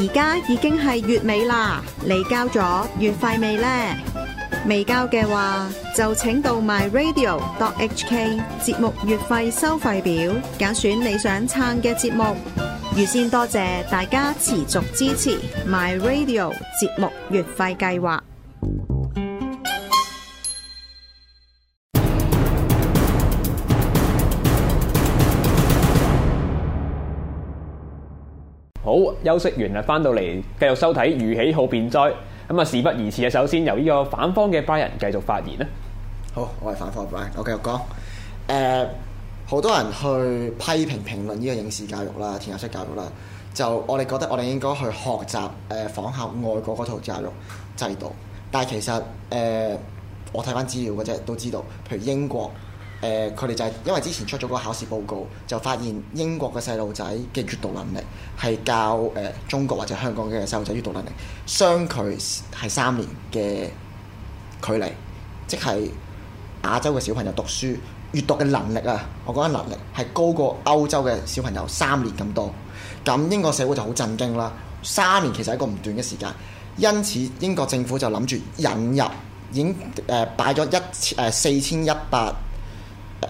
而家已經係月尾啦，你交咗月費未呢？未交嘅話，就請到 myradio.hk 節目月費收費表，揀選你想撐嘅節目。預先多謝大家持續支持 myradio 節目月費計劃。休息完啊，翻到嚟繼續收睇。予豈好辯哉咁啊，事不宜遲啊。首先由呢個反方嘅 Brian 繼續發言啦。好，我係反方 Brian，我繼續講。誒、呃，好多人去批評評論呢個應試教育啦、填鴨式教育啦，就我哋覺得我哋應該去學習誒，仿效外國嗰套教育制度。但係其實誒、呃，我睇翻資料嘅啫，都知道，譬如英國。誒，佢哋、呃、就係、是、因為之前出咗個考試報告，就發現英國嘅細路仔嘅閱讀能力係較誒、呃、中國或者香港嘅細路仔閱讀能力相距係三年嘅距離，即係亞洲嘅小朋友讀書閱讀嘅能力啊，我講緊能力係高過歐洲嘅小朋友三年咁多。咁英國社會就好震驚啦，三年其實係一個唔短嘅時間，因此英國政府就諗住引入已經誒、呃、擺咗一誒四千一百呃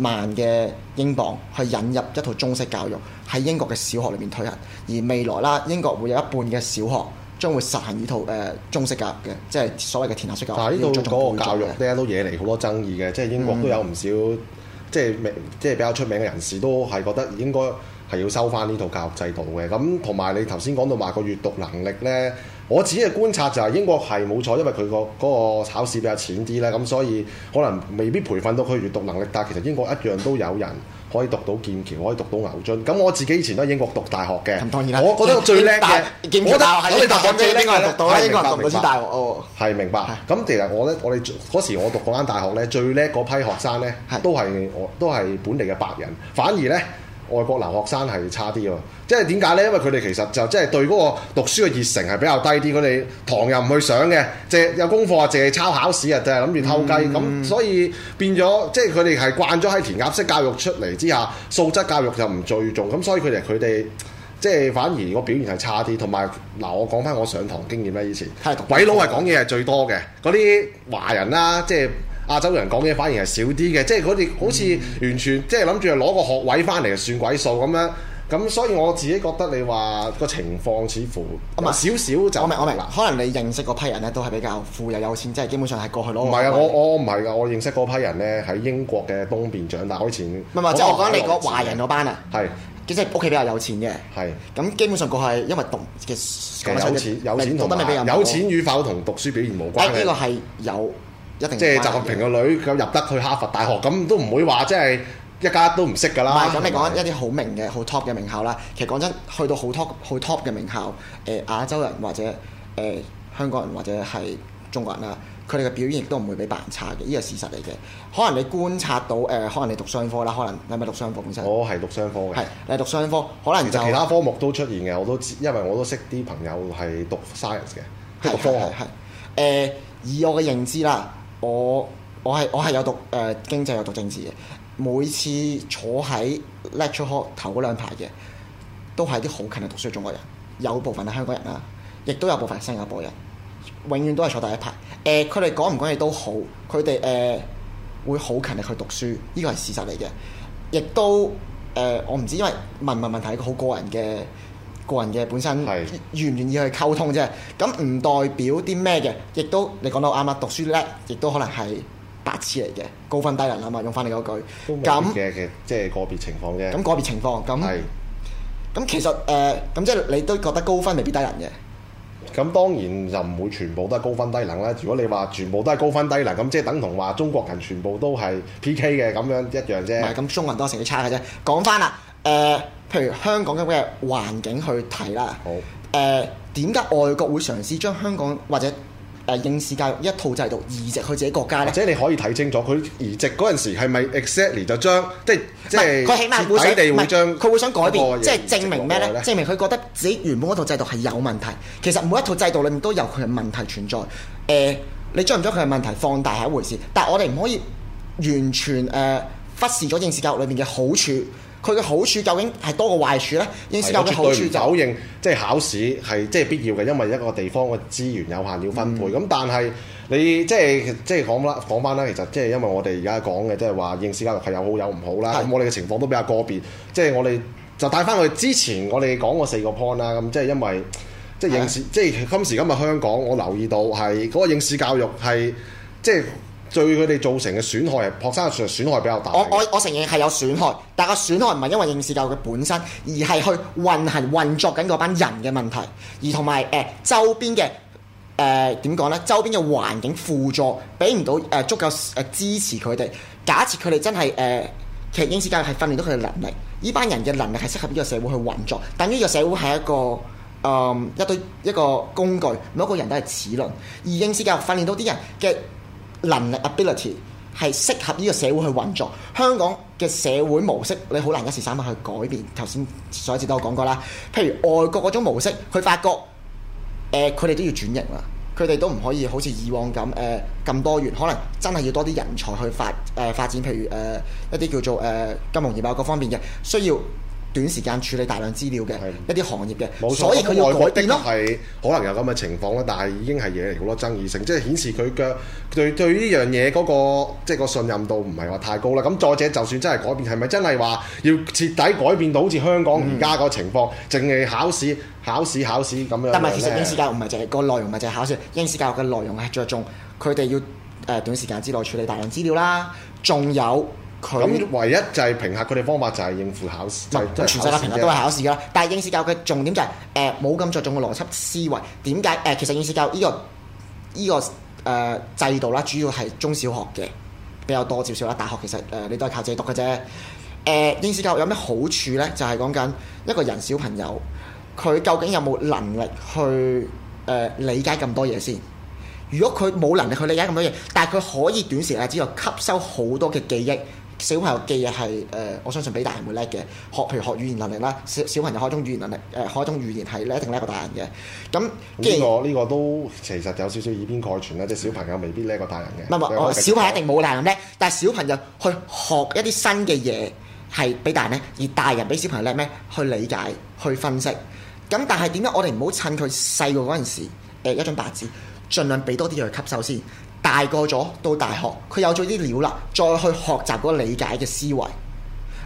萬嘅英鎊去引入一套中式教育喺英國嘅小學裏面推行，而未來啦，英國會有一半嘅小學將會實行呢套誒中式教育嘅，即係所謂嘅填鴨式教育。但係這呢套嗰這套 個教育咧，雙都惹嚟好多爭議嘅，即係英國都有唔少、嗯、即係名即係比較出名嘅人士都係覺得應該係要收返呢套教育制度嘅。咁同埋你頭先講到話個閱讀能力咧。我自己嘅觀察就係英國係冇錯，因為佢個嗰個考試比較淺啲咧，咁所以可能未必培訓到佢閱讀能力，但係其實英國一樣都有人可以讀到劍橋，可以讀到牛津。咁我自己以前都喺英國讀大學嘅，我覺得我最叻嘅劍橋大學係我哋讀最叻嘅，係讀到英國牛津大學哦。係明白。咁其實我咧，我哋嗰時我讀嗰間大學咧，最叻嗰批學生咧的，都係我都係本地嘅白人，反而咧。外國留學生係差啲喎，即係點解呢？因為佢哋其實就即係、就是、對嗰個讀書嘅熱誠係比較低啲，佢哋堂又唔去上嘅，借有功課啊，借抄考試啊，淨係諗住偷雞，咁、嗯、所以變咗即係佢哋係慣咗喺填鴨式教育出嚟之下，素質教育就唔最重，咁所以佢哋佢哋即係反而個表現係差啲。同埋嗱，我講翻我上堂經驗啦。以前鬼佬係講嘢係最多嘅，嗰啲華人啦、啊，即係。亞洲人講嘢反而係少啲嘅，即係佢哋好似完全即係諗住攞個學位翻嚟算鬼數咁樣，咁所以我自己覺得你話個情況似乎唔係少少，就我明我明啦，可能你認識嗰批人咧都係比較富又有錢，即係基本上係過去囉。唔係啊！我我唔係噶，我認識嗰批人咧喺英國嘅東邊長大，好似唔係，即係我講你個華人嗰班啊，係即係屋企比較有錢嘅，係咁基本上佢係因為讀嘅有錢有錢同有錢與否同讀書表現無關呢個係有。一定即係習近平個女咁入得去哈佛大學，咁都唔會話即係一家都唔識㗎啦。咁是，你講一啲好明嘅、好 top 嘅名校啦。其實講真，去到好 top、好 top 嘅名校，誒、呃、亞洲人或者誒、呃、香港人或者係中國人啊，佢哋嘅表現亦都唔會比白人差嘅，呢個事實嚟嘅。可能你觀察到誒、呃，可能你讀商科啦，可能你係咪讀商科本身？我係讀商科嘅。係，你讀商科可能其，其他科目都出現嘅。我都知因為我都識啲朋友係讀 science 嘅，係讀科學係。誒、呃，以我嘅認知啦。我我係我係有讀誒、呃、經濟有讀政治嘅，每次坐喺 lecture hall 頭嗰兩排嘅，都係啲好勤力讀書嘅中國人，有部分係香港人啦、啊，亦都有部分係新加坡人，永遠都係坐第一排。誒、呃，佢哋講唔講嘢都好，佢哋誒會好勤力去讀書，呢個係事實嚟嘅。亦都誒、呃，我唔知，因為問問問題係一個好個人嘅。個人嘅本身，係願唔願意去溝通啫。咁唔代表啲咩嘅，亦都你講到啱啊。讀書叻，亦都可能係白痴嚟嘅。高分低能啊嘛，用翻你嗰句。咁嘅，其實即係個別情況啫。咁個別情況，咁。係。咁其實誒，咁即係你都覺得高分未必低能嘅。咁當然就唔會全部都係高分低能啦。如果你話全部都係高分低能，咁即係等同話中國人全部都係 PK 嘅咁樣一樣啫。係咁，中文都成績差嘅啫。講翻啦，誒。譬如香港咁嘅環境去睇啦。好，誒點解外國會嘗試將香港或者誒、呃、應試教育一套制度移植去自己國家咧？或者你可以睇清楚，佢移植嗰陣時係咪 exactly 就將即係即係起碼會將佢會，想會想改變，即係證明咩咧？證明佢覺得自己原本嗰套制度係有問題。其實每一套制度裏面都有佢嘅問題存在。誒、呃，你將唔將佢嘅問題放大係一回事，但係我哋唔可以完全誒、呃、忽視咗應試教育裏面嘅好處。佢嘅好處究竟係多過壞處呢？應試教育嘅好處就唔否認，即係考試係即係必要嘅，因為一個地方嘅資源有限，要分配。咁、嗯、但係你即係即係講啦，講翻啦，其實即係因為我哋而家講嘅即係話應試教育係有好有唔好啦。咁是的 我哋嘅情況都比較個別，即係我哋就帶翻去之前我哋講過四個 point 啦。咁即係因為即係應試，即係是的 今時今日香港，我留意到係嗰個應試教育係即係。對佢哋造成嘅損害，學生嘅損害比較大。我我我承認係有損害，但個損害唔係因為應試教育嘅本身，而係去運行運作緊嗰班人嘅問題，而同埋誒周邊嘅誒點講呢？周邊嘅環境輔助俾唔到誒足夠誒支持佢哋。假設佢哋真係誒、呃，其實應試教育係訓練到佢嘅能力，呢班人嘅能力係適合呢個社會去運作，等於個社會係一個誒、呃、一堆一個工具，每一個人都係齒輪，而應試教育訓練到啲人嘅。能力 ability 係適合呢個社會去運作。香港嘅社會模式，你好難一時三刻去改變。頭先上一次都有講過啦。譬如外國嗰種模式，佢發覺佢哋、呃、都要轉型啦，佢哋都唔可以好似以往咁誒咁多元，可能真係要多啲人才去發誒、呃、發展，譬如誒、呃、一啲叫做誒、呃、金融業啊各方面嘅需要。短時間處理大量資料嘅的一啲行業嘅，錯所以佢要改定咯。係可能有咁嘅情況啦， 但係已經係惹嚟好多爭議性，即係顯示佢嘅對對呢樣嘢嗰個即係、那個就是、個信任度唔係話太高啦。咁再者，就算真係改變，係咪真係話要徹底改變到好似香港而家個情況，淨係、嗯、考試、考試、考試咁樣？但係，其實英式教育唔係淨係個內容，咪係淨係考試。英式教育嘅內容係着重佢哋要誒短時間之內處理大量資料啦，仲有。佢它唯一就係評核佢哋方法就係應付考試，全世界評核都係考試噶啦。但係應試教育嘅、呃、重點就係誒冇咁着重嘅邏輯思維。點解誒？其實應試教育呢、呢個依、呢個誒、呃、制度啦，主要係中小學嘅比較多，少少啦。大學其實誒、呃、你都係靠自己讀嘅啫。誒應試教育有咩好處咧？就係講緊一個人小朋友佢究竟有冇能力去誒、呃、理解咁多嘢先。如果佢冇能力去理解咁多嘢，但係佢可以短時間之內吸收好多嘅記憶。小朋友記嘢係誒，我相信比大人會叻嘅。學譬如學語言能力啦，小小朋友學一種語言能力誒、呃，學一種語言係叻一定叻過大人嘅。咁、嗯，既然呢、這個這個都其實有少少以偏概全啦，即係小朋友未必叻過大人嘅。唔係唔係，小朋友一定冇大人叻，但係小朋友去學一啲新嘅嘢係比大人叻，而大人比小朋友叻咩？去理解、去分析。咁、嗯、但係、呃、點解我哋唔好趁佢細個嗰陣時誒一張白紙，儘量俾多啲佢吸收先。大個咗到大學，佢有咗啲料啦，再去學習嗰個理解嘅思維。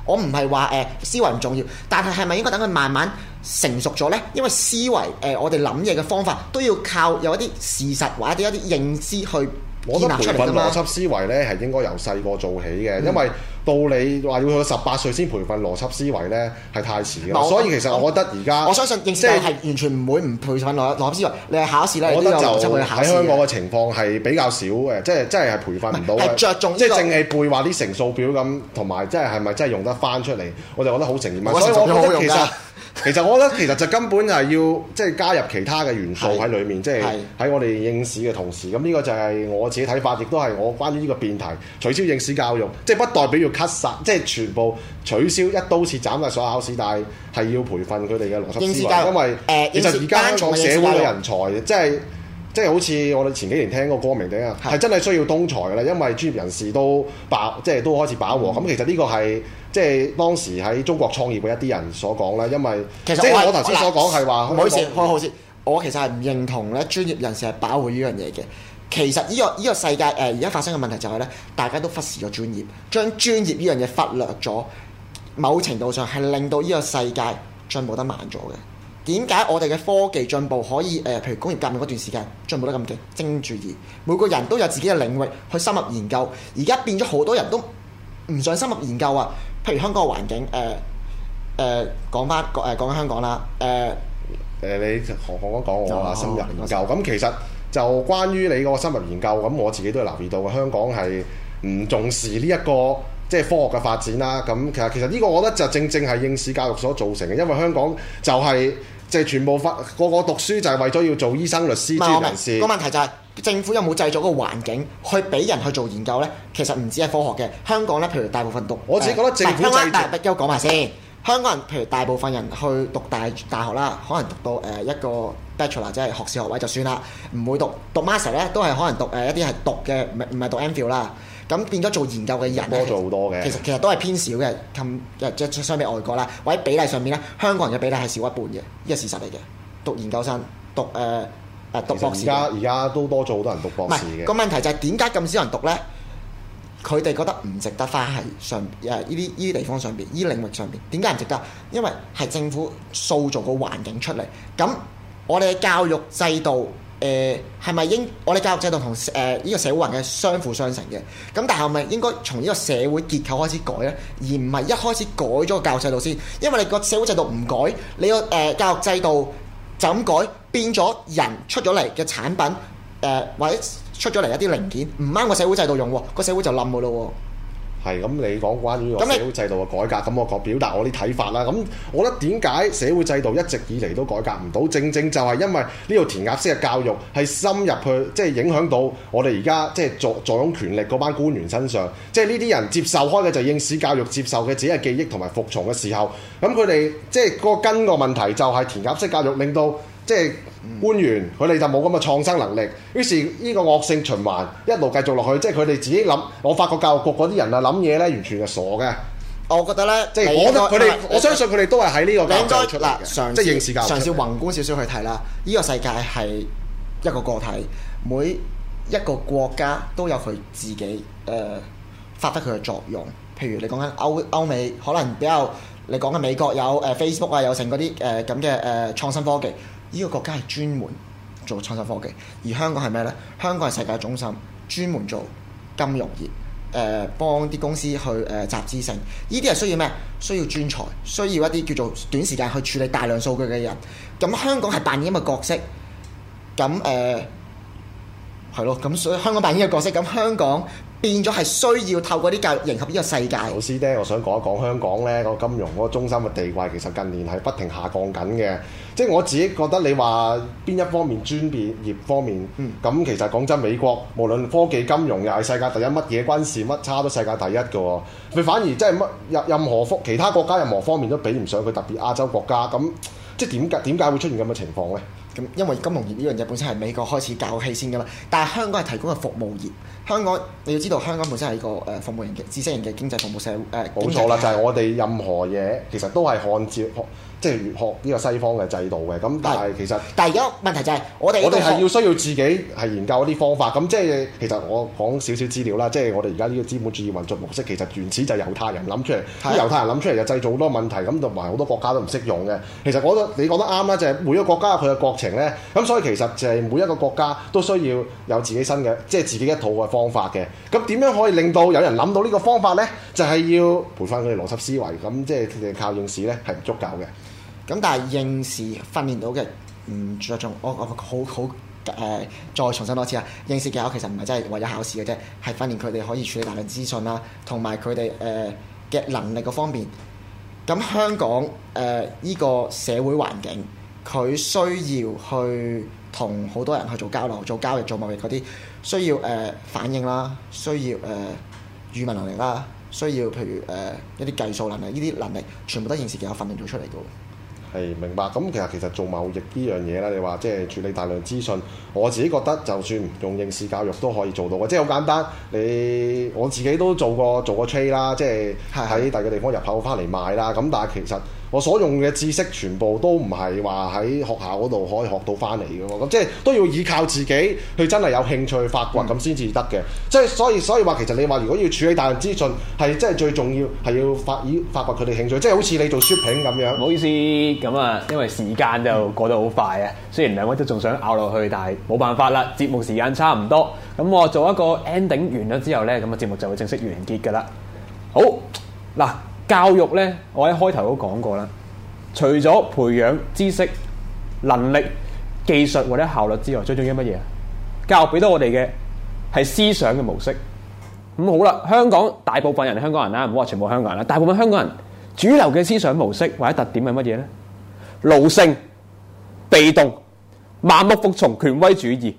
我唔係話誒思維唔重要，但係係咪應該等佢慢慢成熟咗呢？因為思維誒、呃，我哋諗嘢嘅方法都要靠有一啲事實或者一啲認知去建立出嚟㗎嘛。思維呢，係應該由細個做起嘅，因為，嗯到你話要去到十八歲先培訓邏輯思維呢係太遲嘅。不所以其實我覺得而家、嗯、我相信這些係完全唔會唔培訓邏輯思維。你係考試呢，我覺得就喺香港嘅情況係比較少嘅，即係即係係培訓唔到。這個、即係淨係背話啲乘數表咁，同埋即係係咪真係用得翻出嚟？我就覺得好不成日其實。 其實我覺得其實就根本係要即係加入其他嘅元素喺裏面，即係喺我哋應試嘅同時，咁、嗯、呢、這個就係我自己睇法，亦都係我關於呢個辯題取消應試教育。即係不代表要 cut 曬，即係全部取消一刀切斬晒所有考試，但係係要培訓佢哋嘅邏輯思維，因為其實而家創社會嘅人才，即係即係好似我哋前幾年聽過歌名點啊，係真係需要通才嘅啦，因為專業人士都飽，即係都開始飽和。咁其實呢個係。即係當時喺中國創業嘅一啲人所講咧，因為其實我頭先所講係話，唔好意思，我，我其實係唔認同咧專業人士係保護呢樣嘢嘅。其實呢個、呢個世界誒而家發生嘅問題就係咧，大家都忽視咗專業，將專業呢樣嘢忽略咗，某程度上係令到呢個世界進步得慢咗嘅。點解我哋嘅科技進步可以誒，譬、呃、如工業革命嗰段時間進步得咁勁，精注意，每個人都有自己嘅領域去深入研究。而家變咗好多人都唔想深入研究啊！譬如香港嘅環境，誒、呃、誒、呃、講翻，誒講香港啦，誒、呃、誒、呃、你學學講講我話、哦、深入研究咁，嗯、其實就關於你個深入研究咁，我自己都留意到嘅。香港係唔重視呢、這、一個即係、就是、科學嘅發展啦。咁其實其實呢個我覺得就正正係應試教育所造成嘅，因為香港就係、是。就係全部發個個讀書就係為咗要做醫生、律師、專人士。個問題就係、是、政府有冇製造個環境去俾人去做研究呢？其實唔止係科學嘅，香港呢，譬如大部分讀，我自己覺得政府、呃、大不休講先。香港人譬如大部分人去讀大大學啦，可能讀到誒、呃、一個 bachelor 即係學士學位就算啦，唔會讀讀 master 呢，都係可能讀誒一啲係讀嘅，唔唔係讀 MPhil 啦。咁變咗做研究嘅人多咗好多嘅，其實其實都係偏少嘅，咁即即相比外國啦，或者比例上面咧，香港人嘅比例係少一半嘅，呢個事實嚟嘅。讀研究生，讀誒誒、呃、讀博士。而家而家都多咗好多人讀博士嘅。唔係、個問題就係點解咁少人讀咧？佢哋覺得唔值得翻喺上誒呢啲呢啲地方上邊，呢啲領域上邊，點解唔值得？因為係政府塑造個環境出嚟，咁我哋嘅教育制度。誒係咪應我哋教育制度同誒呢個社會環境相輔相成嘅？咁但係係咪應該從呢個社會結構開始改呢？而唔係一開始改咗個教育制度先？因為你個社會制度唔改，你個誒、呃、教育制度就咁改，變咗人出咗嚟嘅產品誒、呃，或者出咗嚟一啲零件唔啱個社會制度用，個、哦、社會就冧㗎咯。哦。係咁，你講關於個社會制度嘅改革，咁你我個表達我啲睇法啦。咁我覺得點解社會制度一直以嚟都改革唔到，正正就係因為呢個填鴨式嘅教育係深入去，即係影響到我哋而家即係作作用權力嗰班官員身上。即係呢啲人接受開嘅就應試教育，接受嘅只係記憶同埋服從嘅時候。咁佢哋即係個根個問題就係填鴨式教育令到。即係官員，佢哋就冇咁嘅創新能力，於是呢個惡性循環一路繼續落去。即係佢哋自己諗，我發覺教育局嗰啲人啊諗嘢咧，完全係傻嘅。我覺得咧，即係的我覺得佢哋，們們我相信佢哋都係喺呢個角度出啦，的即係應試教育嘅。嘗試宏觀少少去睇啦，呢個世界係一個個體，每一個國家都有佢自己誒、呃、發揮佢嘅作用。譬如你講緊歐歐美，可能比較你講緊美國有誒 Facebook 啊，有成嗰啲誒咁嘅誒創新科技。呢個國家係專門做創新科技，而香港係咩呢？香港係世界中心，專門做金融業，誒幫啲公司去誒、呃、集資性。呢啲係需要咩？需要專才，需要一啲叫做短時間去處理大量數據嘅人。咁、嗯、香港係扮演咁嘅角色，咁誒係咯。咁所以香港扮演嘅角色，咁、嗯、香港。變咗係需要透過啲教育迎合呢個世界。老師呢，我想講一講香港咧嗰金融嗰個中心嘅地位，其實近年係不停下降緊嘅。即係我自己覺得你，你話邊一方面專業方面，咁、嗯、其實講真，美國無論科技、金融又係世界第一，乜嘢軍事乜差都世界第一嘅喎，佢反而即係乜任任何方其他國家任何方面都比唔上佢特別亞洲國家。咁即係點解點解會出現咁嘅情況呢？咁因為金融業呢樣嘢本身係美國開始教起先嘅嘛，但係香港係提供嘅服務業。香港你要知道，香港本身係一個誒、呃、服務型嘅知識型嘅經濟服務社誒。冇、呃、錯啦，就係我哋任何嘢其實都係學接學，即係學呢個西方嘅制度嘅。咁但係其實，但係而家問題就係我哋我哋係要需要自己係研究一啲方法。咁即係其實我講少少資料啦，即係我哋而家呢個資本主義運作模式其實原始就係猶太人諗出嚟，猶的太人諗出嚟就製造好多問題。咁同埋好多國家都唔識用嘅。其實我覺得你講得啱啦，就係、是、每一個國家佢嘅國情咧。咁所以其實就係每一個國家都需要有自己新嘅，即係自己一套嘅。方法嘅，咁點樣可以令到有人諗到呢個方法呢？就係要培訓佢哋邏輯思維，咁即係佢哋靠應試呢係唔足夠嘅。咁但係應試訓練到嘅，唔着重我我好好誒、呃，再重新多次啊！應試技巧其實唔係真係為咗考試嘅啫，係訓練佢哋可以處理大量資訊啦，同埋佢哋誒嘅能力嗰方面。咁香港誒依、呃呢個社會環境，佢需要去同好多人去做交流、做交易、做貿易嗰啲。需要誒、呃、反應啦，需要誒語文能力啦，需要譬如誒、呃、一啲計數能力，呢啲能力全部都應試教育訓練咗出嚟到嘅。係明白，咁其實其實做貿易呢樣嘢啦，你話即係處理大量資訊，我自己覺得就算唔用應試教育都可以做到嘅，即係好簡單。你我自己都做過做過 trade 啦，即係喺第二個地方入口翻嚟賣啦，咁的但係其實。我所用嘅知識全部都唔係話喺學校嗰度可以學到翻嚟嘅喎，咁即係都要依靠自己去真係有興趣發掘咁先至得嘅。嗯、即係所以所以話其實你話如果要處理大量資訊，係真係最重要係要發以發掘佢哋興趣，即係好似你做 shopping 咁樣。唔好意思咁啊，因為時間就過得好快啊。嗯、雖然兩位都仲想拗落去，但係冇辦法啦。節目時間差唔多，咁我做一個 ending 完咗之後呢，咁嘅節目就會正式完結㗎啦。好嗱。教育咧，我喺開頭都講過啦。除咗培養知識、能力、技術或者效率之外，最重要乜嘢？教育俾到我哋嘅係思想嘅模式。咁好啦，香港大部分人香港人啦，唔好話全部香港人啦。大部分香港人主流嘅思想模式或者特點係乜嘢咧？奴性、被動、盲目服從權威主義、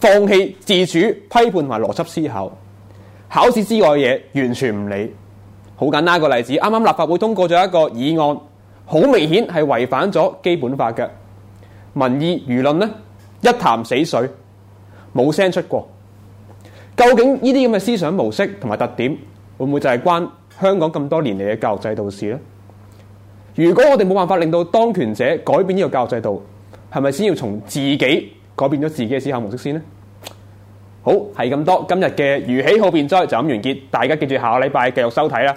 放棄自主、批判埋邏輯思考，考試之外嘅嘢完全唔理。好簡單一個例子，啱啱立法會通過咗一個議案，好明顯係違反咗基本法嘅。民意輿論呢，一潭死水，冇聲出過。究竟呢啲咁嘅思想模式同埋特點，會唔會就係關香港咁多年嚟嘅教育制度事呢？如果我哋冇辦法令到當權者改變呢個教育制度，係咪先要從自己改變咗自己嘅思考模式先呢？好，係咁多今日嘅予豈好辯哉就咁完結，大家記住下個禮拜繼續收睇啦。